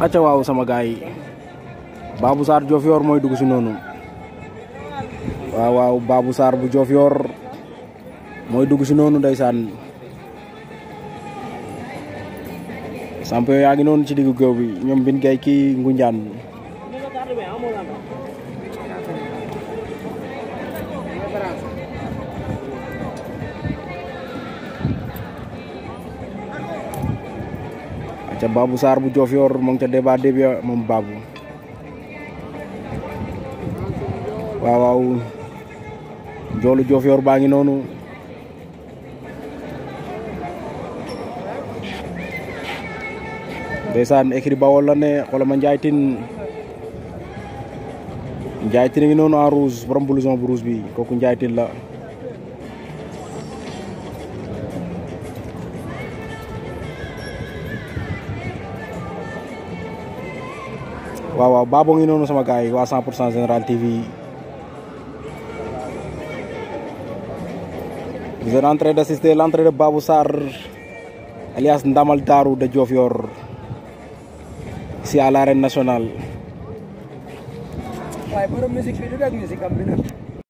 acca waaw sama gaay babu sar Sarr Diofior mooy dugg ci nonu waaw waaw babu sar bu Diofior mooy dugg si noonu ndeysaan samp yaa ngi ci diggu gew bi ñom bin gaay ki ngunjaan ca Babou Sarr bu Diofior mu ngi ca débat débat moom Babou waaw waaw joolu Diofior baa ngi noonu ndeysaan écrit Bawol la ne xoolal ma Ndiaye Tine Ndiaye Tine ngi noonu en rouge borom blouson bu rouge bi kooku Ndiaye Tine la waaw waaw baaboo ngi noonu sama gars yi waa 100 pour Général TV vous êtes en train d'assister l'entrée de Babou Sarr alias Ndamal daru de Diofior si à l'arène nationale waaye borom musique bi du dégg musique am bi nag